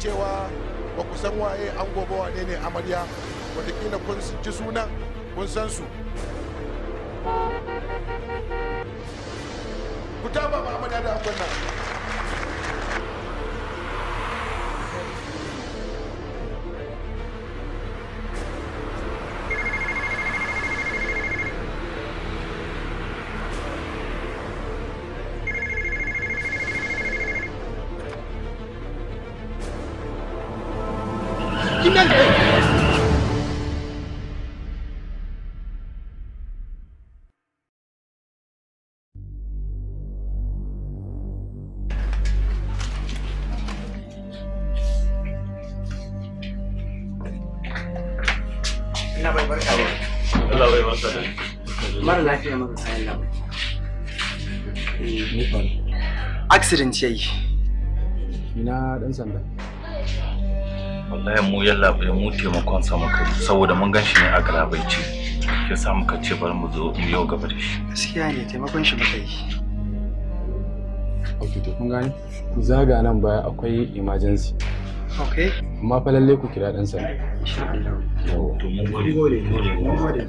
cewa ba ku san waye an gobe wane ne amarya wataƙila kun ji sunan kun san su accident ya yi? ina dan sanda wallahi mu yalla bai mu taimakon sa muka saboda mun gan shi ne a galabaici ya sa muka ce bari mu zo mu yau gaba da shi gaskiya ne taimakon shi muka yi ok to kun gane ku zaga nan baya akwai emergency ok amma fa lalle ku kira dan sanda insha Allah to mun gode mun gode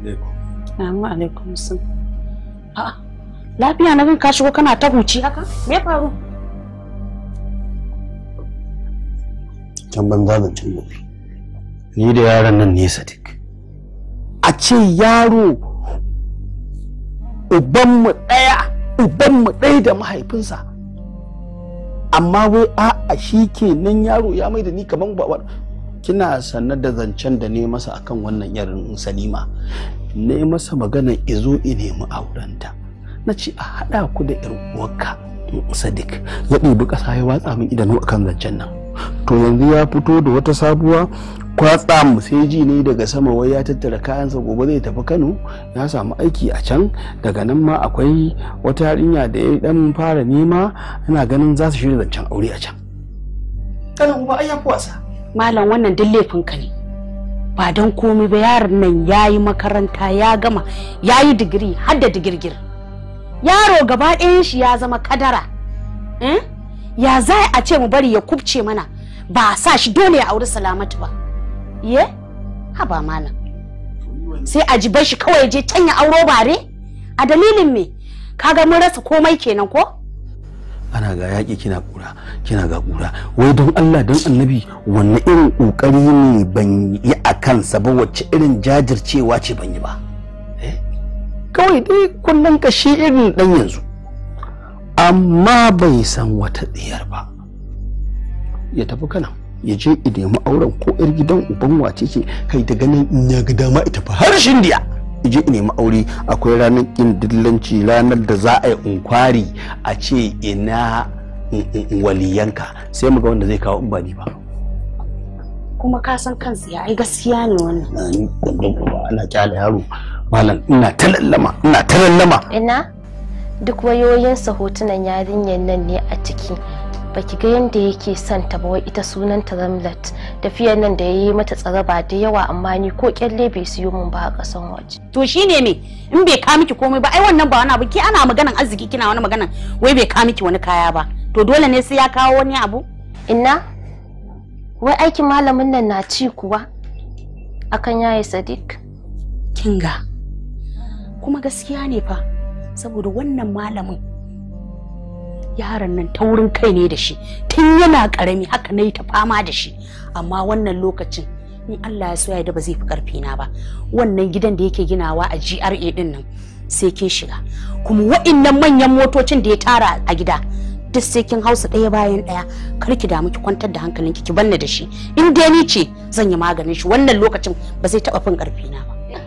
Assalamu alaikum. A'a. Ah, lafiya na ka shigo kana ta huci haka? Me ya faru? Can ban Ni da yaron nan ne Sadiq. A ce yaro ubanmu ɗaya ubanmu ɗaya da mahaifinsa amma wai a'a shi kenan yaro ya mai da ni kaman kina sanar da zancen da ne masa akan wannan yarin salima ne masa magana izo i nemi aurenta na ce a haɗa ku da yar uwarka sadik ya ɗebi ƙasa ya watsa min idanu akan zancen nan to yanzu ya fito da wata sabuwa kwatsa ji ne daga sama wai ya tattara kayansa gobe zai tafi kano ya samu aiki a can daga nan ma akwai wata yarinya da ya dan fara nema yana ganin za su shirya zancen aure a can kanan uba ai ya wasa malam wannan duk laifinka ne ba don komai ba yaron nan ya yi makaranta ya gama ya yi digiri har da digirgir yaro gaba ɗayan shi ya zama kadara eh? ya za a ce mu bari ya kubce mana ba a sa shi dole ya auri salamatu ba ye ha ba malam sai a ji bar shi kawai je can ya auro bare a dalilin me kaga mun rasa komai kenan ko ana ga yaƙi kina ƙura kina ga ƙura wai don Allah don annabi wanne irin ƙoƙari ne ban yi a kansa ba wacce irin jajircewa ce ban yi ba eh? kawai dai kullum ka shi irin ɗan yanzu amma bai san wata ɗiyar ba ya tafi kana ya je i nemi auren ko 'yar gidan uban wace ce kai daga nan in ya ga dama ita fa diya je nemi aure akwai ranar kin dillanci ranar da za a yi unkwari a ce ina mm, mm, mm, waliyanka sai mu ga wanda zai kawo ba ni ba kuma ka san kansa ya ai gaskiya ne wannan ana kyale yaro malam ina talallama ina talallama ina duk wayoyinsa hotunan yarinyar nan ne a ciki baki ga yadda yake son ta wai ita sunanta ramlet tafiyar nan da ya yi mata tsaraba da yawa amma ni ko kyalle bai siyo min ba a kasan waje to shine me in bai ka miki komai ba ai wannan ba wani abu ki ana maganan arziki kina wani maganan wai bai ka miki wani kaya ba to dole ne sai ya kawo wani abu inna wai aikin malamin nan na ci kuwa akan yaye sadiq kinga kuma gaskiya ne fa saboda wannan malamin yaron nan ta taurin kai ne da shi tun yana karami haka na yi ta fama da shi amma wannan lokacin in Allah ya soya da ba zai fi karfi na ba wannan gidan da yake ginawa a GRA din nan sai ke shiga kuma wa'innan manyan motocin da ya tara a gida duk sai kin hausa ɗaya bayan ɗaya kar ki damu ki kwantar da hankalin ki ki banna da shi in dai ni ce zan yi maganin shi wannan lokacin ba zai taɓa fin karfi na ba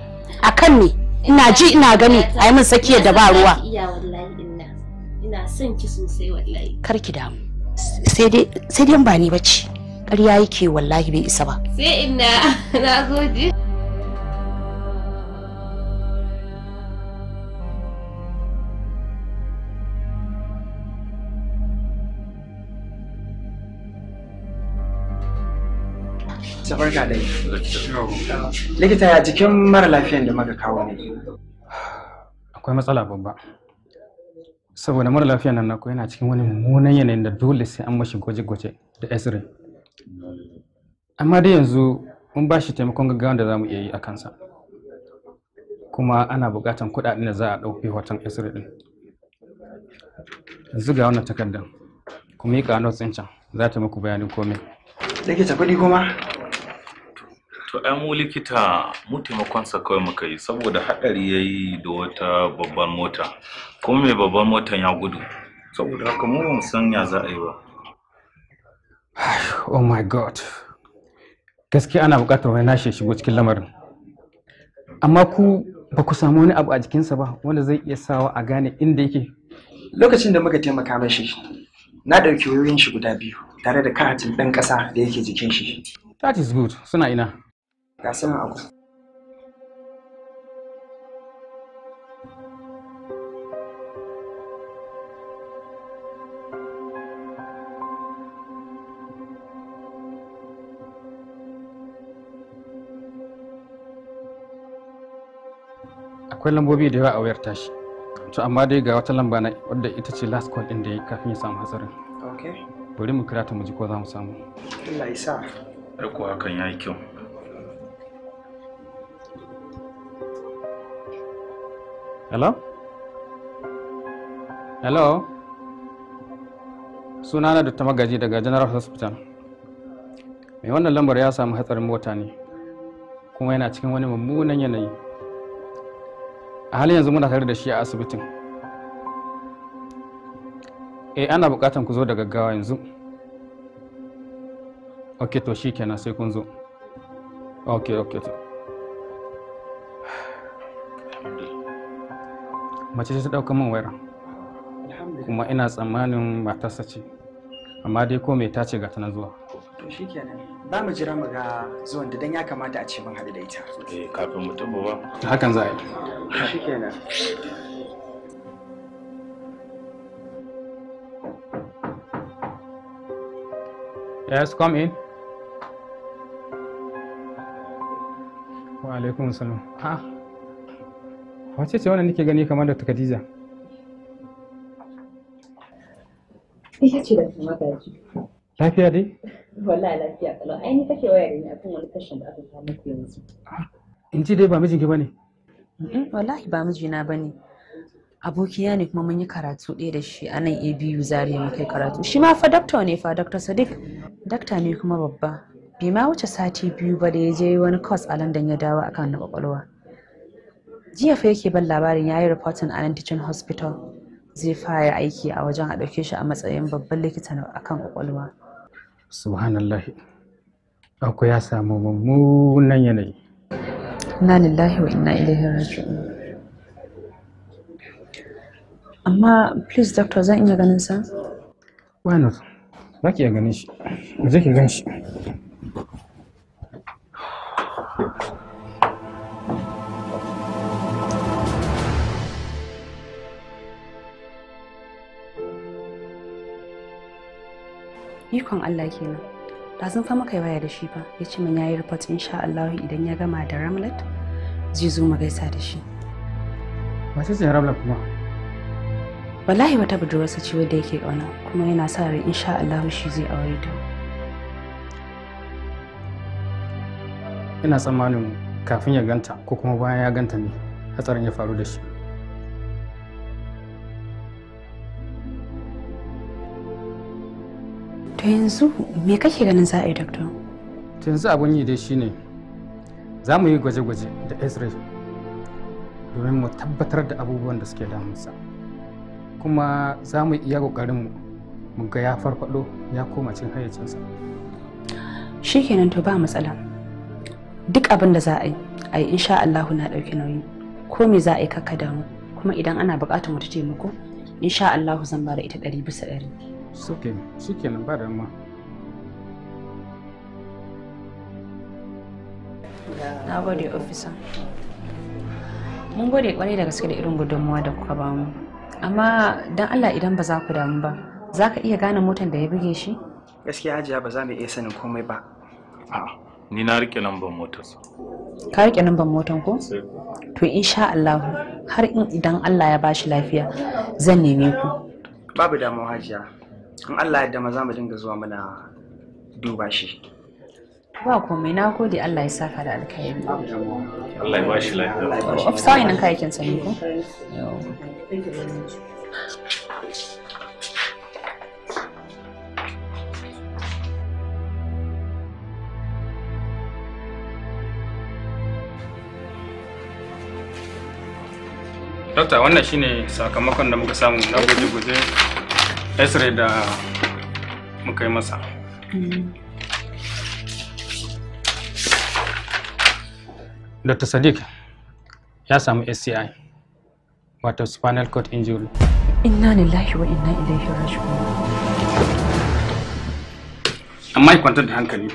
akan me ina ji ina gani a yi min tsakiyar da ba ruwa ina son ki sosai wallahi kar ki damu sai dai sai dai ba ni bace ƙarya yake wallahi bai isa ba sai ina na gode Likita ya Likita jikin mara lafiyan da muka kawo ne. Akwai matsala babba. saboda mara lafiya nan nako yana cikin wani mummunan yanayin da dole sai an mashi gwaje-gwaje da esri amma dai yanzu mun ba shi taimakon gaggawa da za mu iya yi a kansa kuma ana buƙatar kuɗaɗen da za a ɗauke hoton esri ɗin yanzu ga wannan takardar kuma yi ƙanon tsincin, za ta muku bayanin komai likita kuɗi kuma to ai mu likita mu taimakonsa kawai muka yi saboda haɗari ya yi da wata babban mota kuma mai babban motan ya gudu saboda haka mu ban san ya za a yi ba oh my god gaskiya ana buƙatar wani nashi shigo cikin lamarin amma ku ba ku samu wani abu a jikinsa ba wanda zai iya sawa a gane inda yake lokacin da muka taimaka mashi na ɗauki wayoyin shi guda biyu tare da katin ɗan ƙasa da yake jikin shi that is good suna ina ga su nan akwai lambobi da yawa a wayar tashi to amma dai ga wata lamba na wadda ita ce last call din da ya kafin ya samu hatsarin bari mu kira ta mu ji ko za mu samu Allah ya sa hakan ya yi kyau hello hello sunana da ta magaji daga general hospital mai wannan lambar ya samu hatsarin mota ne kuma yana cikin wani mummunan yanayi a halin yanzu muna tare da shi a asibitin eh ana bukatan ku zo da gaggawa yanzu ok to shi kenan sai kun zo ok ok to mace ta ɗauka min wayar kuma ina tsammanin matarsa ce amma dai ko mai tace ga tana zuwa to shikenan ba mu jira mu ga zuwan da dan ya kamata a ce mun haɗu da ita eh kafin mu tabo ba hakan za a yi shikenan Yes, come in. Wa alaikum salam. Ha, ah, wace ce wannan nake gani kamar da Khadija ita ce da kuma ji. lafiya dai wallahi lafiya kalau ai ni kake waya ne akan wani kashin da aka samu ku yanzu ah, in ji dai ba mijinki bane wallahi ba mijina bane abokiya ne kuma mun yi karatu ɗaya da shi a nan abu zare mu kai karatu shi ma fa dokta ne fa Dokta sadiq Dokta ne kuma babba bai ma wuce sati biyu ba da ya je wani course a london ya dawo akan na kwakwalwa jiya fa yake ban labarin ya yi rahoton a nan teaching hospital zai fara aiki a wajen a ɗauke shi a matsayin babban likita akan kwakwalwa subhanallah akwai ya samu mummunan yanayi na lillahi wa inna ilaihi raji'un amma please doctor zan iya ganin sa why not za ki iya ganin shi zai ki gan shi ikon Allah kenan da sun fa maka waya da shi ba ya ce min yayi report insha Allah idan ya gama da Ramlat zai zo mu gaisa da shi wace ce Ramlat kuma wallahi wata budurwarsa ce wanda yake kauna kuma yana sa rai insha Allah shi zai aure ta ina tsammanin kafin ya ganta ko kuma bayan ya ganta ne hatsarin ya faru da shi To yanzu me kake ganin za a yi doctor? To yanzu abun yi dai shine za mu yi gwaje-gwaje da X-ray domin mu tabbatar da abubuwan da suke damunsa. Kuma za mu iya ƙoƙarinmu mu ga ya farfado ya koma cin hayyacinsa. Shikenan to ba matsala. Duk abin da za a yi, a insha Allahu na ɗauki nauyi. Ko me za a yi kakka damu, kuma idan ana buƙatar mu ta taimako, insha Allahu zan ba ita ɗari bisa ɗari. suke suke nan ba da ma na gode ofisa mun gode kwarai da gaske da irin gudunmuwa da kuka ba mu amma don allah idan ba za ku damu ba za ka iya gane motar da ya buge shi gaskiya hajiya ba za mu iya sanin komai ba a'a ni na rike lambar motar ka rike lambar motar ko to insha Allah har in idan Allah ya bashi lafiya zan neme ku babu damuwa hajiya in Allah yadda ma za mu dinga zuwa muna duba shi ba komai na gode Allah ya saka da alkhairi Allah ya bashi lafiya of sai nan kayakin sani ko Dokta wannan shine sakamakon da muka samu na guje-guje esre da muka yi masa dr sadiq ya samu sci wato spinal cord injury inna lillahi wa inna ilaihi raji'un amma ki kwantar da hankali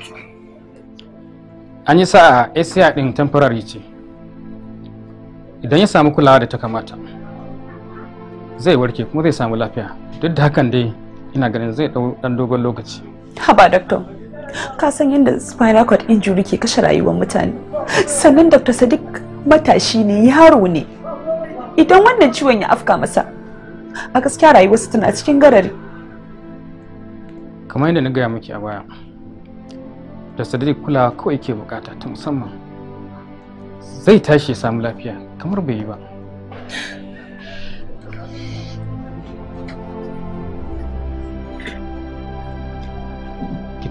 an yi sa'a sci din temporary ce idan ya samu kulawa da ta kamata zai warke kuma zai samu lafiya duk da hakan dai ina ganin zai dau dan dogon lokaci haba doctor ka san yadda spinal cord injury ke kashe rayuwar mutane sannan dr sadiq matashi ne yaro ne idan wannan ciwon ya afka masa a gaskiya rayuwarsa tana cikin garari kamar yadda na gaya miki a baya da sadiq kulawa kawai ke bukata ta musamman zai tashi ya samu lafiya kamar bai yi ba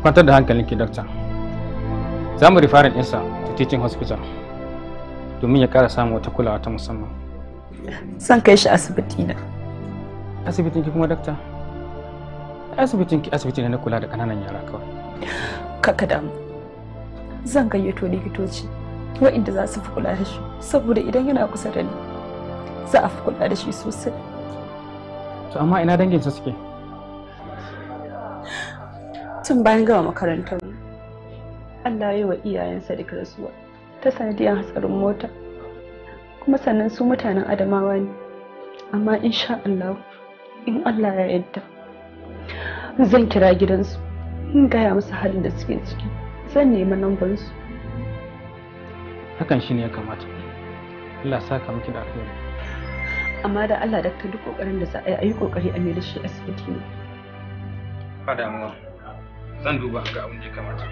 kwantar da hankalinki dokta za mu rifarin ɗinsa ta titin hospital domin ya ƙara samun wata kulawa ta musamman san kai shi asibiti na asibitin ki kuma dokta asibitin ki asibiti ne na kula da ƙananan yara kawai kaka damu zan gayyato likitoci waɗanda za su fi kula da shi saboda idan yana kusa da ni za a fi kula da shi sosai to amma ina dangin danginsa suke tun bayan gama makarantar mu Allah ya yi wa iyayensa da rasuwa ta sanadiyar hatsarin mota kuma sannan su mutanen adamawa ne amma insha Allah in Allah ya yadda zan kira gidansu in gaya musu halin da suke ciki zan nemi su hakan shine ya kamata Allah ka miki da alheri amma da Allah dakta duk kokarin da za a yi a yi kokari a mai da shi asibiti ne ba damuwa zan duba ga abin da ya kamata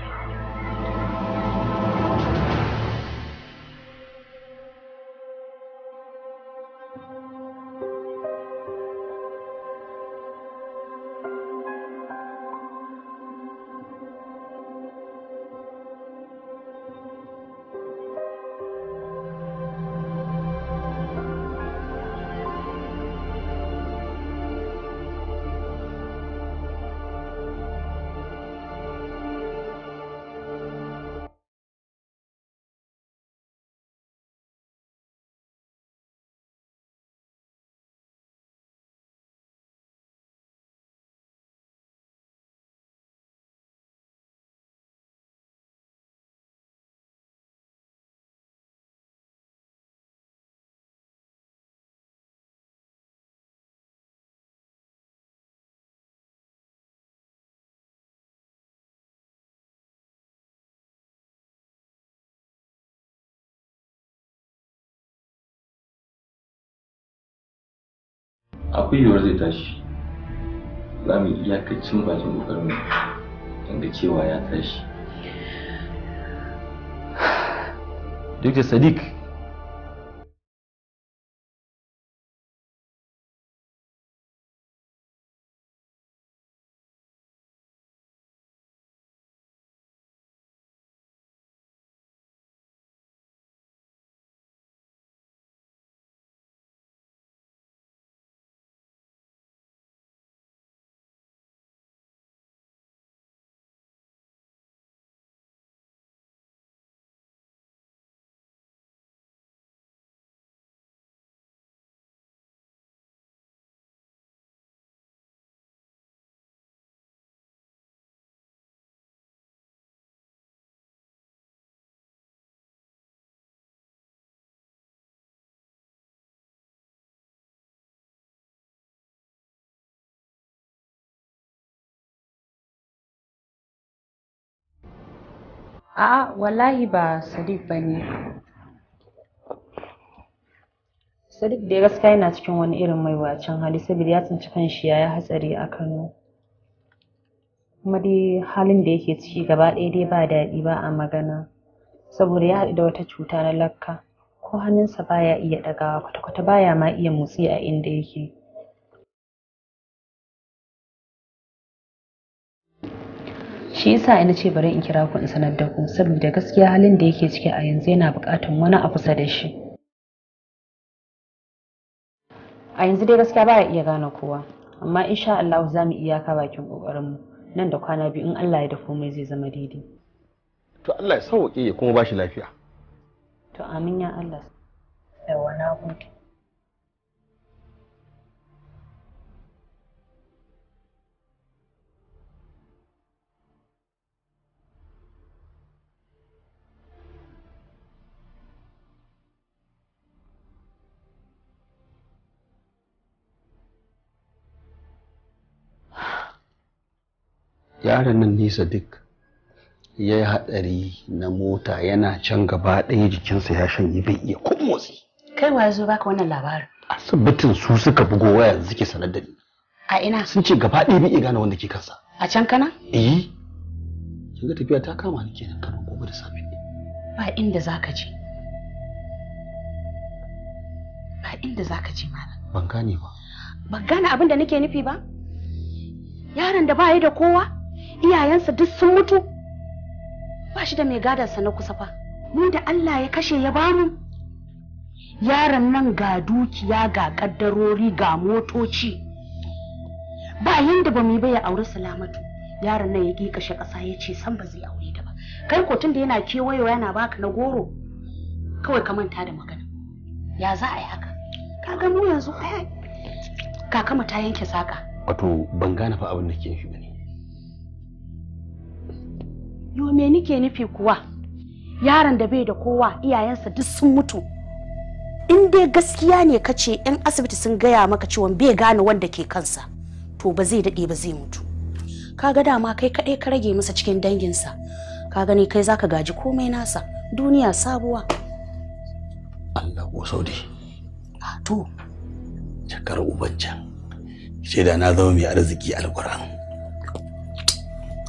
akwai yiwuwar zai tashi za mu iyakacin bakin mu inda cewa ya tashi duk da sadiq A'a wallahi ba Sadiq ba ne. Sadiq dai gaskiya yana cikin wani irin mai wacin hali saboda ya tsinci shi ya yi hatsari a Kano. Kuma dai halin da yake ciki gaba ɗaya dai ba daɗi ba a magana. Saboda ya haɗu da wata cuta na lakka ko hannunsa baya iya ɗagawa kwata-kwata baya ma iya motsi a inda yake. shi yasa ina ce bari in kira ku in sanar da ku saboda gaskiya halin da yake ciki a yanzu yana buƙatar wani a kusa da shi a yanzu dai gaskiya baya iya gane kowa amma insha Allah za mu iyaka bakin mu nan da kwana biyu in Allah ya da komai zai zama daidai to Allah ya sauke ya kuma bashi lafiya to amin ya Allah yawa na gode yaron nan nisa duk ya yi haɗari na mota yana can gaba ɗaya jikinsa ya shanye bai iya kun motsi kai wa zo baka wannan labarin asibitin su suka bugo waya yanzu suke sanar da ni a ina sun ce gaba ɗaya bai iya gane wanda ke kansa a can kana eh kin ga tafiya ta kama ni kenan kana gobe da safe ba inda zaka je ba inda zaka je malam ban gane ba ban gane abin da nake nufi ba yaron da ba da kowa iyayensa duk sun mutu ba shi da mai gadansa na kusa fa Ni da Allah ya kashe ya bamu yaron nan ga dukiya ga kaddarori ga motoci ba yinda ba mu yi ya aure salamatu yaron nan ya kashe ƙasa ya ce san ba zai aure da ba kai ko tunda yana kewayewa yana baka na goro kawai ka manta da magana ya za a yi haka kaga mu yanzu kaka mu ta yanke saka wato ban gane fa abin da ke nufi yo me nike nufi kuwa yaron da bai da kowa iyayensa duk sun mutu in dai gaskiya ne kace ce 'yan asibiti sun gaya maka ciwon bai gane wanda ke kansa to ba zai daɗe ba zai mutu kaga dama kai kaɗai ka rage masa cikin danginsa ka gani kai zaka gaji komai nasa duniya sabuwa Allah ko saudi a to jakar ubancan shaida na zama mai arziki alkur'an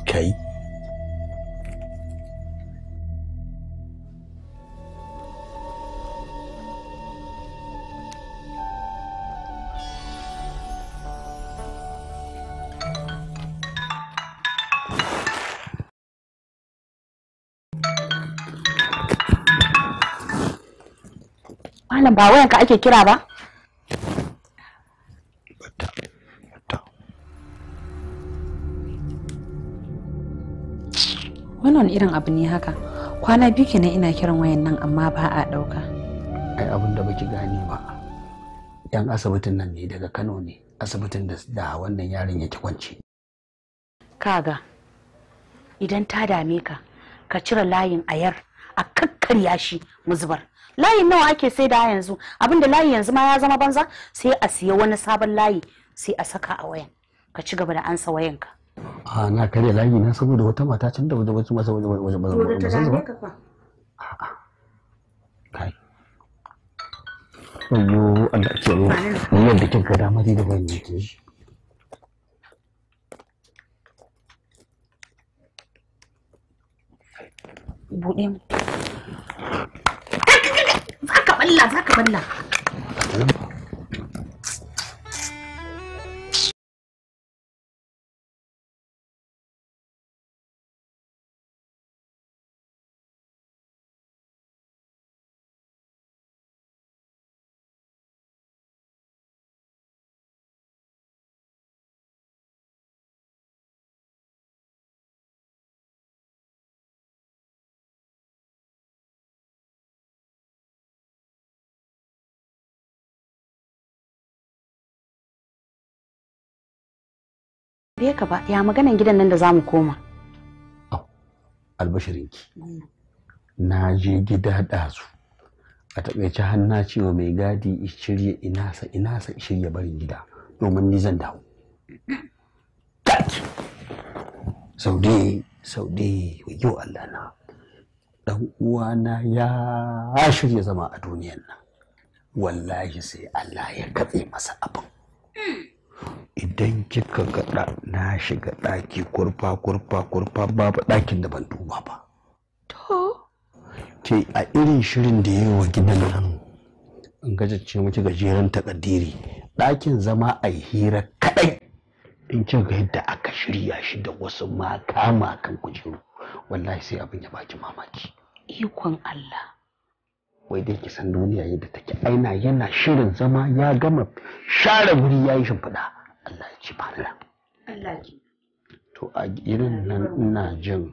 kai Wannan ba wayan ka ake kira ba wannan irin abu ne haka kwana biyu kenan ina kiran wayan nan amma ba a ɗauka ai abin da baki gane ba yan asibitin nan ne daga kano ne asibitin da wannan yaron yake kwance kaga idan ta dame ka ka cire layin ayar a kakkarya shi mu zubar layin nawa ake sai da yanzu abinda layi yanzu ma ya zama banza sai a siya wani sabon layi sai a saka a wayan ka ci gaba da ansa wayanka a na karya layi na saboda wata mata can da wajen masa wajen wajen wajen wajen wajen wajen Allah da bayan yake mu balla za ka balla Bai ka ba, ya maganan gidan nan da za mu koma. Albashirinki, na je gida ɗazu. A taƙaice hannu cewa mai gadi shirya ina sa, ina sa shirya barin gida domin ni zan dawo. Saude, saude, wayo Allah na. Ɗan uwana ya shirya zama a duniyan nan. Wallahi sai Allah ya katse masa abin. Hmm. idan kika ga na shiga ɗaki kurfa kurfa kurfa babu ɗakin da ban duba ba to ke a irin shirin da yawa gidan nan in gajace miki gajeren takaddiri ɗakin zama a hira kaɗai in kin ga yadda aka shirya shi da wasu makama makan kujeru wallahi sai abin ya baki mamaki ikon Allah wai dai ki san duniya yadda take aina yana shirin zama ya gama share wuri ya yi shimfiɗa Allah ya ci fara to a irin nan ina jin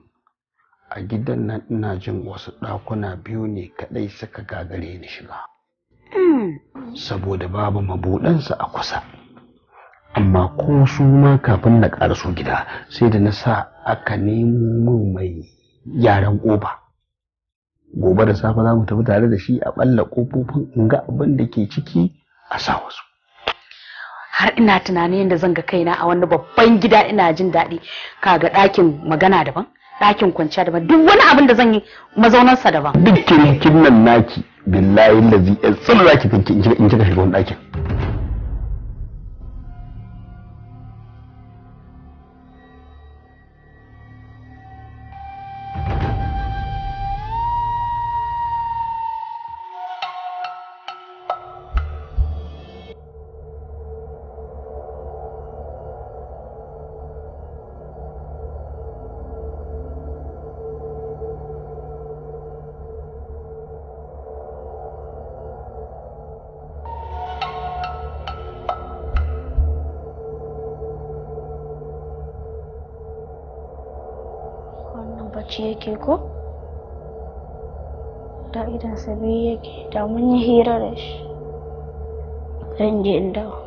a gidan nan ina jin wasu ɗakuna biyu ne kaɗai suka gagare ni shiga saboda babu mabuɗansa a kusa amma ko su ma kafin na ƙarasu gida sai da na sa aka nemo mai yaren ƙofa gobe da safe za mu tafi tare da shi a ɓalla kofofin in ga abin da ke ciki a sa wasu har ina tunanin yadda zan ga kaina a wani babban gida ina jin daɗi kaga ɗakin magana daban ɗakin kwanciya daban duk wani abin da zan yi mazaunansa daban duk kin nan naki billahi lazi tsalla zaki in kika shiga wani ɗakin ke ko da idan sabi yake da mun yi hira da shi zan je in dawo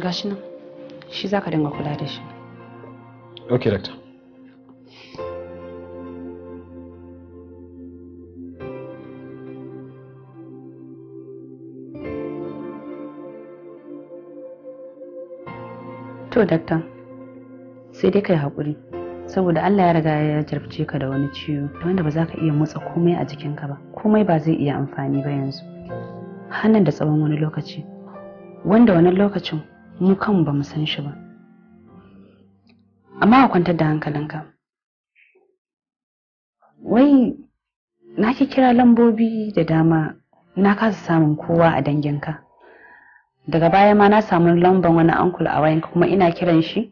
gashi nan shi za ka dinga kula da shi ok doctor to doctor sai dai ka yi haƙuri saboda allah ya riga ya jarfice ka da wani ciwo wanda ba za ka iya motsa komai a jikinka ba komai ba zai iya amfani ba yanzu hannun da tsawon wani lokaci wanda wani lokacin mu kan ba mu san shi ba amma ka kwantar da hankalinka wai na ki kira lambobi da dama na kasa samun kowa a danginka daga baya ma na samu lamban wani ankul a wayanka kuma ina kiran shi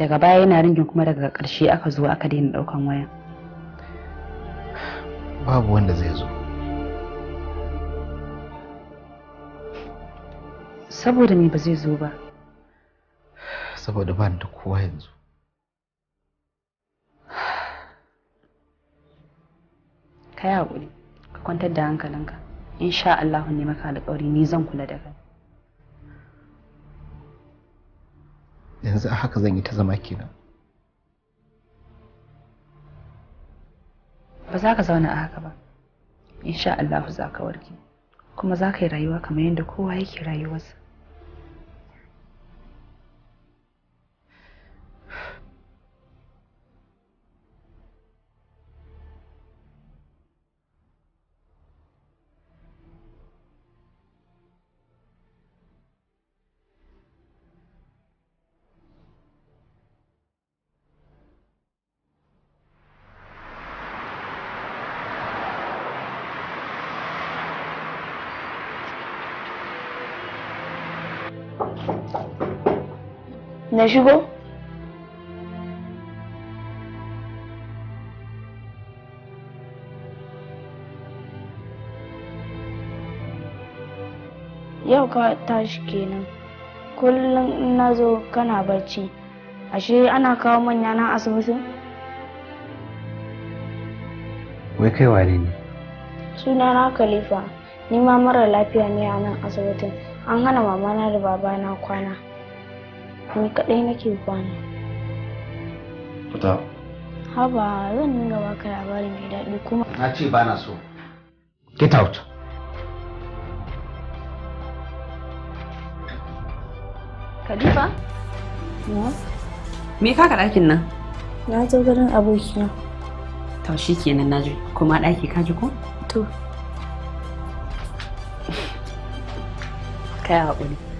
daga baya yana ringin kuma daga ƙarshe aka zo aka daina ɗaukan wayan babu wanda zai zo saboda me ba zai zo ba saboda ban da kowa yanzu ka yi haƙuri ka kwantar da hankalinka sha Allah ne maka alƙawari ni zan kula da kai yanzu a haka zan yi ta zama kenan ba za ka zauna a haka ba sha Allah za ka warke kuma za ka yi rayuwa kamar yadda kowa yake rayuwarsa na shigo yau ka tashi kenan kullum in na zo kana barci ashe ana kawo manya na asibitin wai kai wane ne suna na khalifa ni ma mara lafiya ne a nan asibitin an hana mamana da babana kwana ni kaɗai nake kwana fita haba zan dinga baka labari mai daɗi kuma na ce ba na so get out Khalifa? Me ka ka ɗakin nan? Na zo garin abokina. To shi kenan na ji kuma ɗaki ka ji ko? To. Kai haƙuri.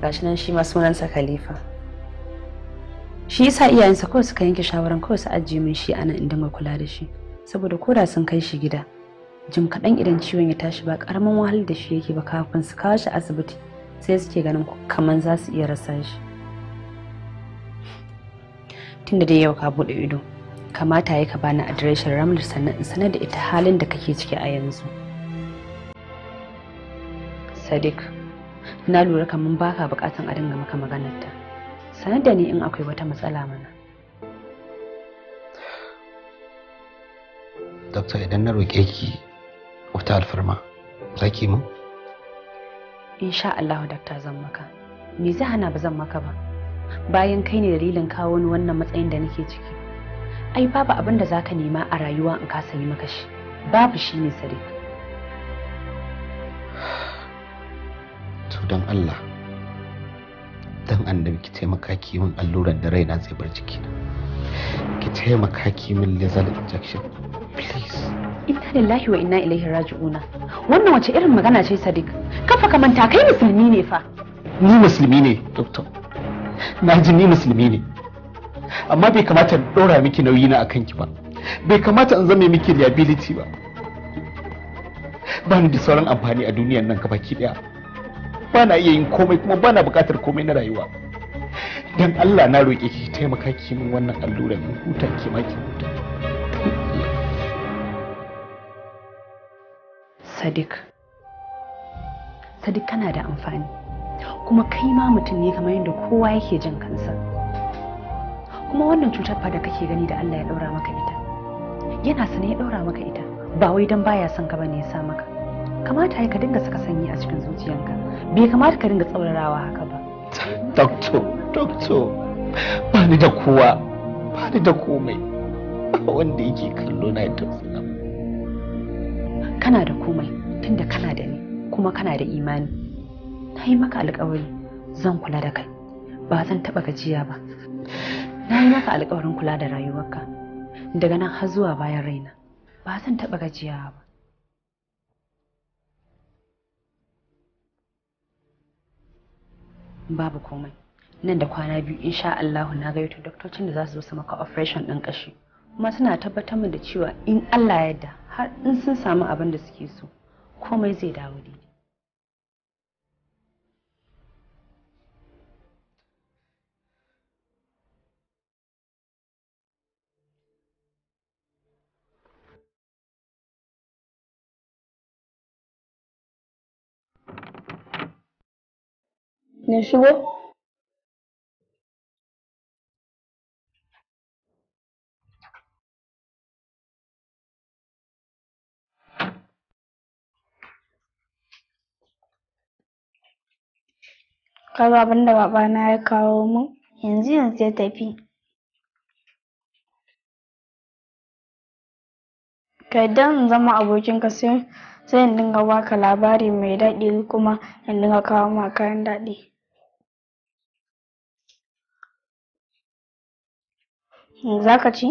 gashi nan shi ma sunansa khalifa shi yasa iyayensa kawai suka yanke shawaran kawai su ajiye min shi anan in dinga kula da shi saboda ko koda sun kai shi gida jim kaɗan idan ciwon ya tashi ba ƙaramin wahal da shi yake ba kafin su kawo shi asibiti sai suke ganin kaman za su iya rasa shi tunda dai yau ka buɗe ido kamata ya ka bani adireshin ramlar sannan in sanar da ita halin da kake ciki a yanzu sadiq na lura kamar ka bukatan a dinga maka maganar ta sanar da ni in akwai wata matsala mana Dokta idan na roƙe ki wata alfarma za ki mu Insha Allah Dokta zan maka. Me zai hana ba zan maka ba? Bayan kai ne dalilin kawo ni wannan matsayin da nake ciki. Ai babu abin da zaka nema a rayuwa in ka yi maka shi. Babu shi ne sadiq. don Allah don annabi ki taimaka ki min alluran da raina zai bar jikina ki taimaka ki min laser injection please inna lillahi wa inna ilaihi raji'una wannan wace irin magana ce sadiq kafa ka manta kai musulmi ne fa ni musulmi ne doctor na ji ni musulmi ne amma bai kamata in dora miki nauyi na akan ki ba bai kamata in zame miki liability ba ba ni da sauran amfani a duniyan nan baki daya ba na iya yin komai kuma ba na buƙatar komai na rayuwa don Allah na roƙe ki taimaka ki min wannan allura in huta ki ma huta Sadiq Sadiq kana da amfani kuma kai ma mutum ne kamar yadda kowa yake jin kansa kuma wannan cutar fa da kake gani da Allah ya daura maka ita yana sane ya daura maka ita ba wai don baya son ka bane ya sa maka kamata ka dinga saka sanyi a cikin zuciyanka bai kamata ka dinga tsaurarawa haka ba dokto dokto ba ni da kowa ba ni da komai wanda yake kallo na tausaya kana da komai tunda kana da ni kuma kana da imani na yi maka alkawari zan kula da kai ba zan taba gajiya ba na yi maka alkawarin kula da rayuwarka daga nan har zuwa bayan raina ba zan taba gajiya ba babu komai nan da kwana biyu insha Allahu na gayyato doktocin da za su zo su maka operation ɗin ƙashi kuma suna tabbatar min da cewa in Allah ya yarda har in sun samu abin da suke so komai zai dawo daidai na shigo kaga da babana ya kawo min yanzu yanzu ya tafi ka yadda in zama abokinka sai sai in dinga baka labari mai daɗi kuma in dinga kawo ma kayan daɗi Za ka ci?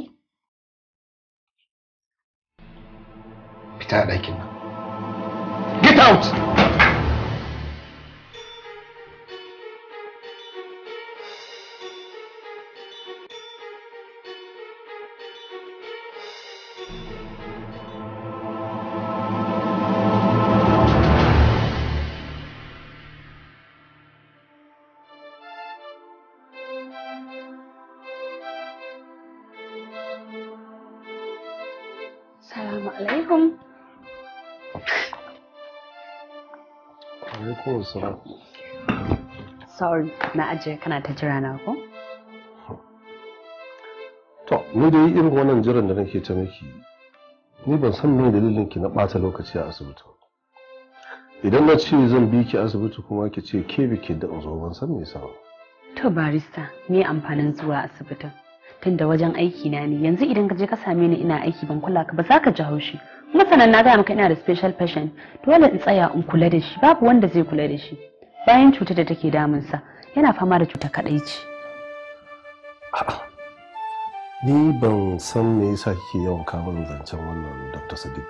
Fita a ɗakin nan. Get out! Assalamu alaikum. Alaikum assalam. na ajiye kana ta jira na ko? To, ni dai irin wannan jiran da nake ta miki. Ni ban san me dalilin ki na ɓata lokaci a asibiti. Idan na ce zan bi ki asibiti kuma ki ce ke bi ki da zo ban san me yasa. To barista, me amfanin zuwa asibitin? tunda wajen aiki na ne yanzu idan ka je ka same ni ina aiki ban kula ka ba za ka ji haushi kuma sanan na ga maka ina da special patient dole in tsaya in kula da shi babu wanda zai kula da shi bayan cutar da take sa yana fama da cuta kadai ce ni ban san me yasa kike yawan kawo zancen wannan dr sadiq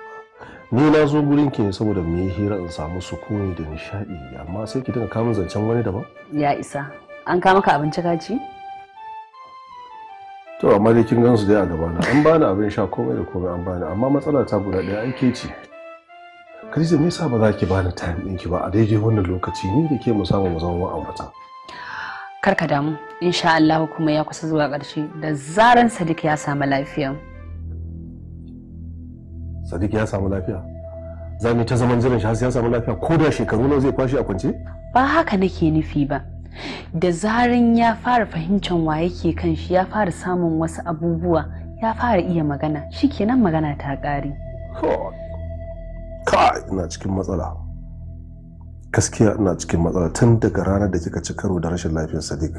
ni na zo gurin ki ne saboda mu yi hira in samu sukuni da nishadi amma sai ki dinga kawo zancen wani daban ya isa an kawo maka abinci ka ci to amma dai kin gan su dai a gabana an bani abin sha komai da komai an bani amma matsala ta guda ɗaya an ke ce me yasa ba za ki bani time ki ba a daidai wannan lokaci ni da ke mu samu mu zama ma'aurata kar ka damu insha Allah kuma ya kusa zuwa ƙarshe da zaran Sadiq ya samu lafiya Sadiq ya samu lafiya za mu ta zaman jiran shi har sai ya samu lafiya ko da shekaru nawa zai kwashi a kwance ba haka nake nufi ba da zarin ya fara fahimtar wa yake kan shi ya fara samun wasu abubuwa ya fara iya magana shi shikenan magana ta ƙare kai ina cikin matsala gaskiya ina cikin matsala tun daga ranar da kika ci karo da rashin lafiyar sadiq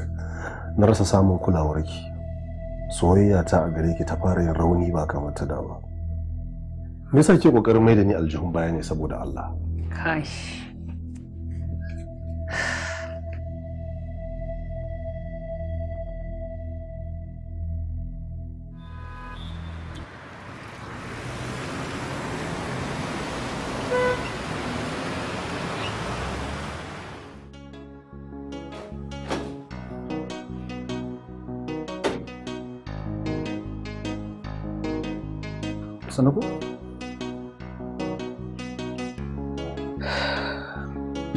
na rasa samun kulawarki soyayya ta a gare ki ta fara yin rauni ba kamar ta da ba me yasa ke kokarin mai da ni aljihun baya ne saboda Allah kai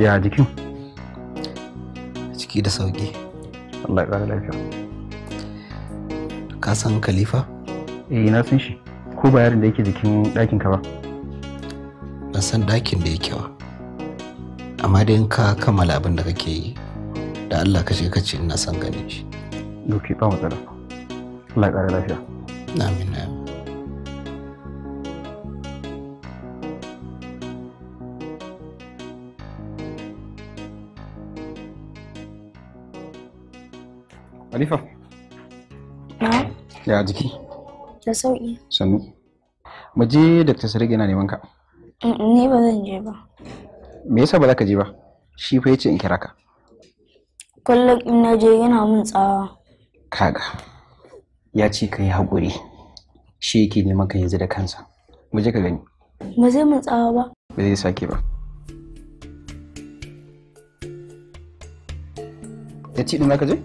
ya jikin ciki da sauki Allah ya ƙara lafiya ka san khalifa eh na san shi ko ba yaron da yake jikin ɗakin ka ba ban san ɗakin da yake ba amma dai in ka kammala abin da kake yi da Allah ka shiga kace ina son ganin shi doki ba matsala Allah ya ƙara lafiya amin amin Alifa. Na? Ya jiki? Da sauki. Sannu. Mu je Dr. Sadiq yana neman ka. Mm, ni ba zan je ba. Me yasa ba za ka je ba? Shi fa yace in kira ka. Kullum in na je yana min tsawa. Kaga. Ya ce ka yi haƙuri. Shi yake neman ka yanzu da kansa. Mu je ka gani. Ba zai min tsawa ba. Ba zai sake ba. Ya ce din za ka je?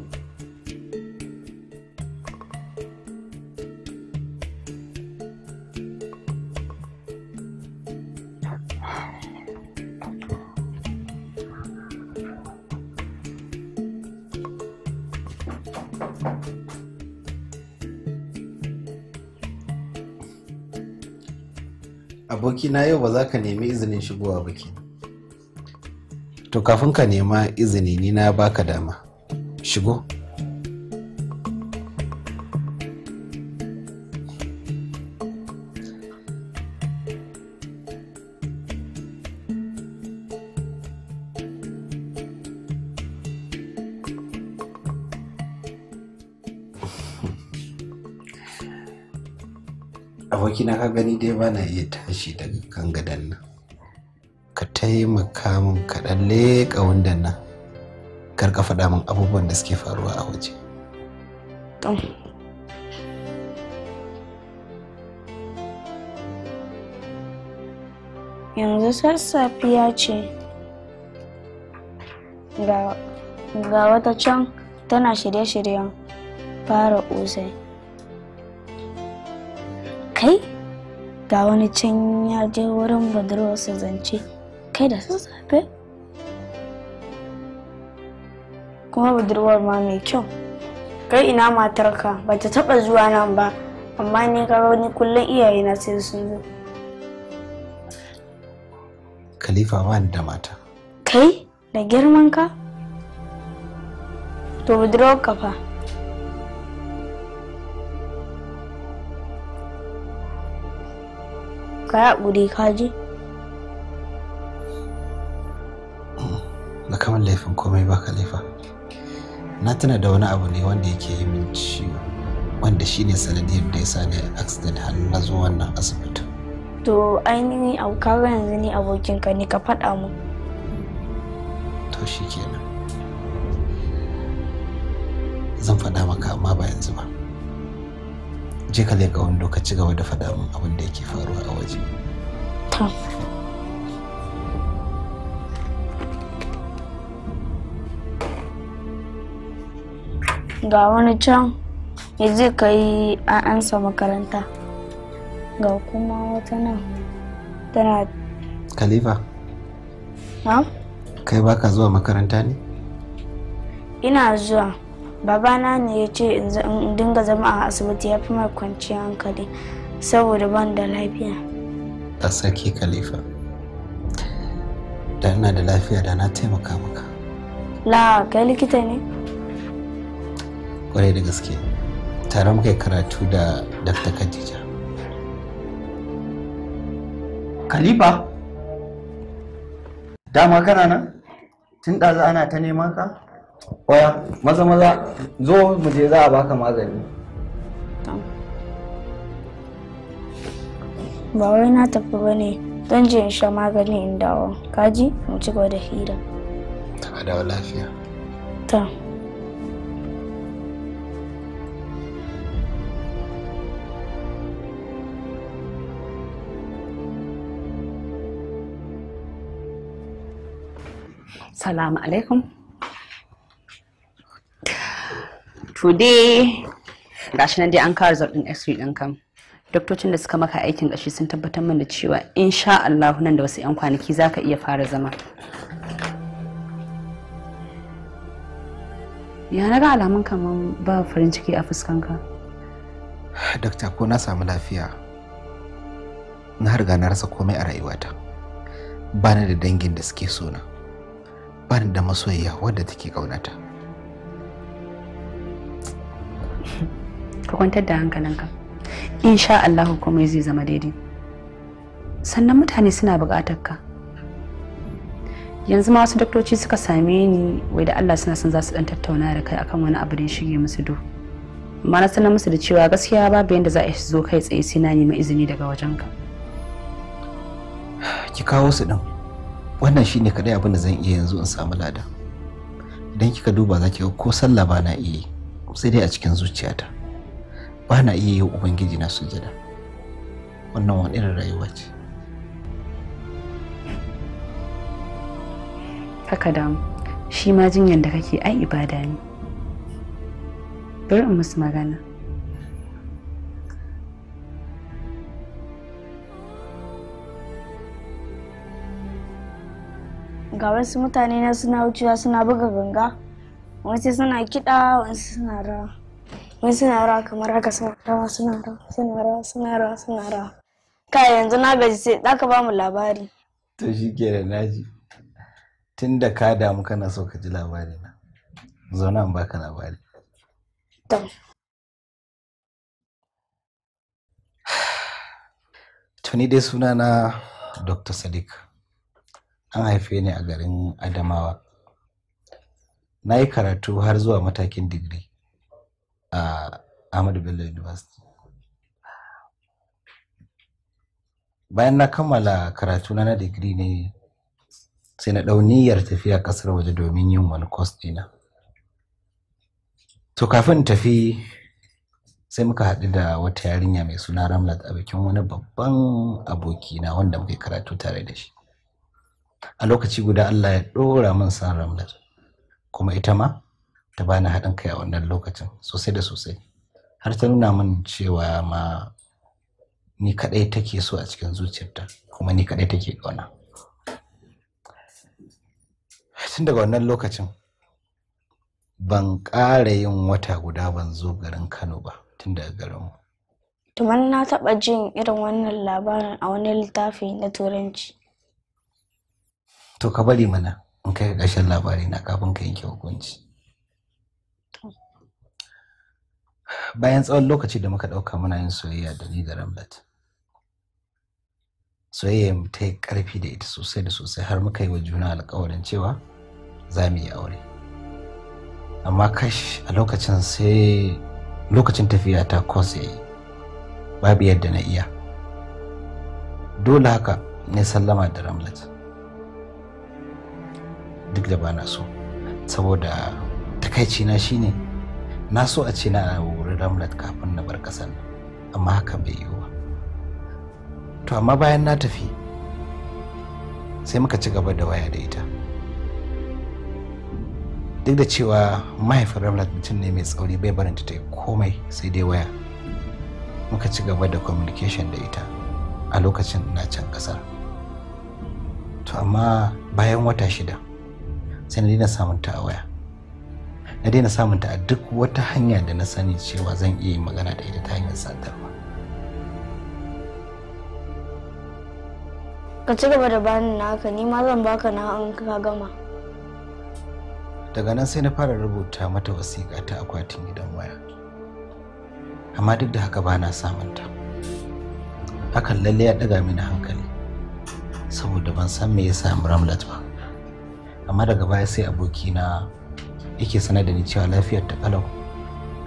na yau ba za ka nemi izinin shigowa ba ke to kafin ka nema izini ni na baka dama shigo gani dai ba na iya tashi daga kan gadon nan ka taimaka min ka ɗan leƙa wanda nan kar ka faɗa min abubuwan da suke faruwa a waje yanzu sassafiya ce ga wata can tana shirye-shiryen fara ƙusai kai ga wani can ya je wurin budurwarsa zance kai da sassafe kuma budurwar ma mai kyau kai ina matarka ba ta taba zuwa nan ba amma ni ga wani kullum iyayena sai sun zo khalifa ba ni da mata kai da girman ka to budurwar kafa. fa Kaya haƙuri kaji na kamar laifin komai ba ka laifa na tuna da wani abu ne wanda yake yi min ciwo wanda shine sanadiyar da ya sa ni accident har na zo wannan asibitin to ainihin aukar yanzu ne abokinka ne ka faɗa mu to shi kenan zan faɗa maka amma ba yanzu ba je ka wando wani lokaci gaba da faɗa min abin da yake faruwa a waje. ga wani can ya zai kai an ansa makaranta ga kuma wata nan tana khalifa ha kai ka zuwa makaranta ne ina zuwa babana ne ya ce in dinga zama a asibiti ya fi mai kwanciyar hankali saboda ban da lafiya a sarki khalifa da ina da lafiya da na taimaka maka la kai likita ne kwarai da gaske tare muka karatu da dr khadija khalifa dama kana nan tun ɗaza ana ta neman ka Oya, maza maza zo mu je za a baka magani. Ba wai na tafi ba ne don je in sha magani in dawo. Kaji mu ci gaba da hira. Ka dawo lafiya. Ta. Salamu alaikum. today gashi nan dai an kawo result din x-ray din kam doktocin da suka maka aikin gashi sun tabbatar min da cewa insha Allah nan da wasu 'yan kwanaki za ka iya fara zama ya na ga alamun kamar ba farin ciki a fuskanka Dokta ko na samu lafiya na riga na rasa komai a rayuwata bani da dangin da suke sona ba da masoyiya wadda take ƙaunata ka kwantar da hankalinka insha Allahu komai zai zama daidai sannan mutane suna buƙatar ka yanzu ma wasu doktoci suka same ni wai da Allah suna son za su dan tattauna da kai akan wani abu da ya shige musu do amma na sanar musu da cewa gaskiya babu yanda za a zo kai tsaye sai na nemi izini daga wajenka ki kawo su dan wannan shine kadai abin da zan iya yanzu in samu lada idan kika duba za ki ga ko sallah ba na iya sai dai a cikin zuciyata ba na iya yi ubangiji na sujada wannan wani irin rayuwa ce haka damu shi ma jinyar da kake ai ibada ne bari in musu magana ga wasu mutane na suna wucewa suna buga ganga wasu suna kiɗa wasu suna rawa wasu suna rawa kamar haka suna rawa suna rawa suna rawa suna rawa suna rawa ka yanzu na gaji sai ɗaka ba mu labari to shi ke da naji tun da ka damu kana so ka ji labari na zauna an baka labari tuni dai suna na dr sadiq an haife ni a garin adamawa na yi karatu har zuwa matakin digiri a Ahmadu Bello University. Bayan na kammala karatu na digiri ne sai na ɗauniyar tafiya ƙasar waje domin yin wani kwas ɗina. To kafin tafi sai muka haɗu da wata yarinya mai suna Ramlat a bikin wani babban aboki na wanda muka karatu tare da shi. A lokaci guda Allah ya ɗora min san Ramlat. kuma ita ma ta bani haɗin kai a wannan lokacin sosai da sosai har ta nuna min cewa ma ni kaɗai take so a cikin zuciyarta kuma ni kaɗai take ƙauna tun daga wannan lokacin ban ƙara yin wata guda ban zo garin kano ba tun daga garinmu kamar na taɓa jin irin wannan labarin a wani littafi na turanci to ka bari mana in kai ƙarshen labari na kafin ka yanke hukunci bayan tsawon lokaci da muka ɗauka muna yin soyayya da ni da ramlat soyayya ta yi ƙarfi da ita sosai da sosai har muka yi wa juna alƙawarin cewa za mu yi aure amma kash a lokacin sai lokacin tafiya ta kose babu yadda na iya dole haka ne sallama da ramlat duk da ba na so saboda takaici na shine na so a ce na wurin ramlat kafin na bar kasan amma haka bai yi ba to amma bayan na tafi sai muka ci gaba da waya da ita duk da cewa mahaifin ramlat mutum ne mai tsauri bai barinta ta yi komai sai dai waya muka ci gaba da communication da ita a lokacin na can kasar to amma bayan wata shida sai na daina samun ta a waya na daina samun a duk wata hanya da na sani cewa zan iya yin magana da ita ta hanyar sadarwa ka ci gaba da bani naka ni ma zan baka na an ka gama daga nan sai na fara rubuta mata wasiƙa ta akwatin gidan waya amma duk da haka bana samunta, samun hakan lalle ya daga mini hankali saboda ban san me ya samu ramlat ba amma daga baya sai abokina yake sanar da ni cewa lafiyar ta kalau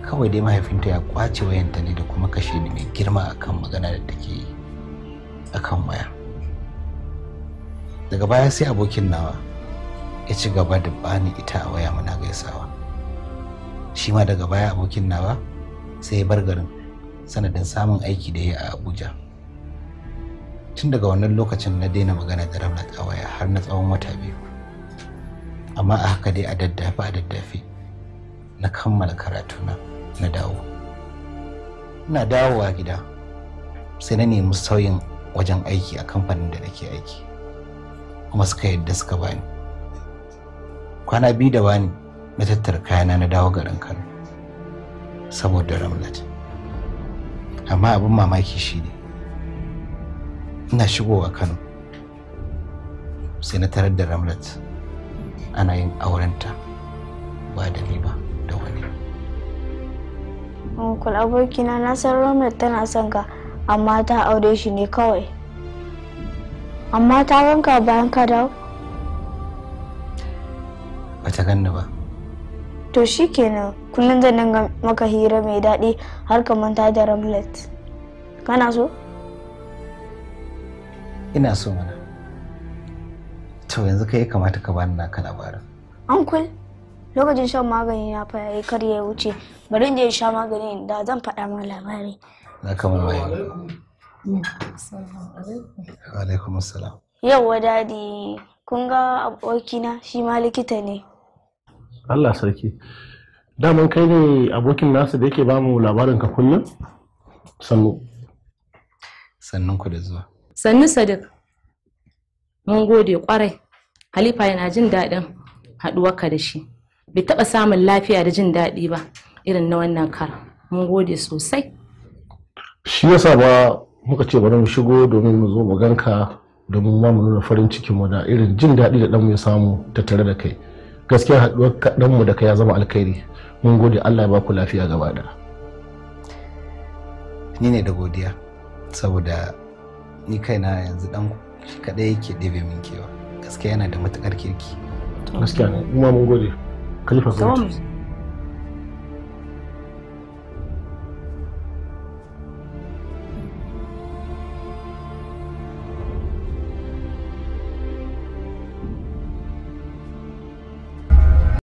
kawai dai mahaifinta ya kwace wayanta ne da kuma kashe ni mai girma akan magana da take yi akan waya daga baya sai abokin nawa ya ci gaba da bani ita a waya muna gaisawa shi ma daga baya abokin nawa sai ya bar garin sanadin samun aiki da ya a abuja tun daga wannan lokacin na daina magana da ramnat a waya har na tsawon wata biyu amma a haka dai a daddafe a daddafe na kammala karatuna na dawo ina dawowa gida sai na nemi sauyin wajen aiki a kamfanin da nake aiki kuma suka yadda suka bani kwana biyu da bani na tattara kayana na dawo garin kano saboda ramlat amma abin mamaki shi ne ina shigowa kano sai na tarar da ramlat ana yin aurenta ba da ni ba da wani Uncle abokina na san Romeo tana son ka amma ta aure shi ne kawai amma ta wanka bayan ka dawo ba ta ganni ba to shi kenan kullum zan dinga maka hira mai daɗi har ka manta da ramlet kana so ina so mana to yanzu kai kamata ka bani naka labarin uncle lokacin shan magani na fa yayi kar ya wuce bari in je sha magani da zan faɗa ma labari na kamar wai wa alaikum assalam yawwa dadi kun ga abokina shi ma likita ne Allah sarki daman kai ne abokin nasu da yake bamu labarin ka kullum sannu sannun ku da zuwa sannu sadiq mun gode kwarai halifa yana jin daɗin haɗuwarka da shi bai taɓa samun lafiya da jin daɗi ba irin na wannan kara mun gode sosai shi yasa ba muka ce bari mu shigo domin mu zo mu ganka domin mu nuna farin cikin mu da irin jin daɗi da ɗanmu ya samu tattare da kai gaskiya haɗuwar ɗanmu da kai ya zama alkhairi mun gode Allah ya ba lafiya gaba da ni ne da godiya saboda ni kaina yanzu ɗan kaɗai yake ɗebe min kewa gaskiya yana da matukar kirki gaskiya ne mun gode khalifa